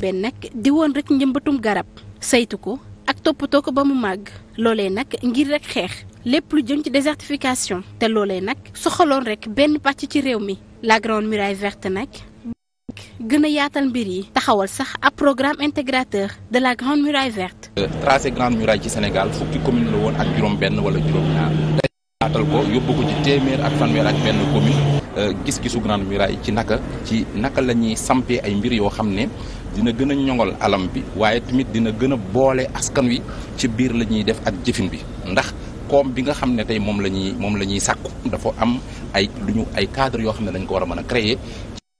benn nag di woon rek njëmbatum garab saytu ko ak toppatoo ko ba mu màgg loolee nag ngir rek xeex lépp lu jëm ci désertification te loolee nag soxaloon rekk benn pàcc ci réew mi la grande muraille verte nag. gën a yaatal mbir yi. taxawal sax ab programme intégrateur de la grande muraille verte. tracé grande muraille ci Sénégal fukki commune la woon ak juróom-benn wala juróom-ñaar. Euh, gis-gisu Grande Muraille ci naka ci naka la ñuy sampee ay mbir yoo xam ne dina gën a ñoŋal alam bi waaye tamit dina gën a boole askan wi ci biir la ñuy def ak jëfin bi ndax koom bi nga xam ne tey moom la ñuy moom la ñuy sàkku dafa am ay lu ñu ay cadre yoo xam ne dañ ko war a mën a créer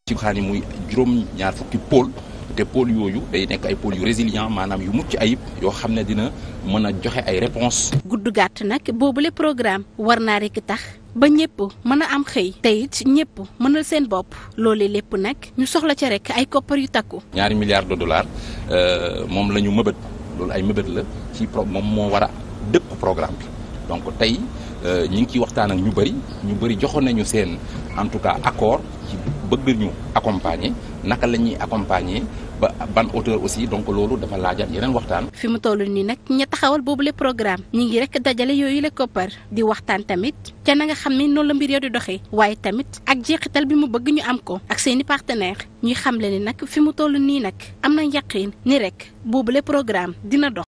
ci xaani muy juróom ñaar fukki pôle te pôle yooyu day nekk ay pôle yu résilient maanaam yu mucc ayib yoo xam ne dina mën a joxe ay réponses. gudd gàtt nag boobule programme war naa rek tax ba ñëpp mën a am xëy te it ñëpp mënal seen bopp loolu lépp nag ñu soxla ca rek ay koppar yu takku. ñaari milliards de dollars euh, moom la ñu mëbët loolu ay mëbët la ci pro moom moo war a dëpp programme bi donc tey euh, ñi ngi ciy waxtaan ak ñu bëri ñu bëri joxoon nañu seen en tout cas accord ci bëgg ñu accompagner naka la ñuy accompagner. ba ban auteur aussi donc loolu dafa laajaat yeneen waxtaan. fi mu toll nii nag ña taxawal boobule programme ñi ngi rek dajale yooyu la koppar di waxtaan tamit ca na nga xam ni noonu la mbir ya di doxee waaye tamit ak jeexital bi mu bëgg ñu am ko ak seeni partenaire ñuy xamle ni nag fi mu toll nii nag am na yaqin ni rek boobule programme dina dox.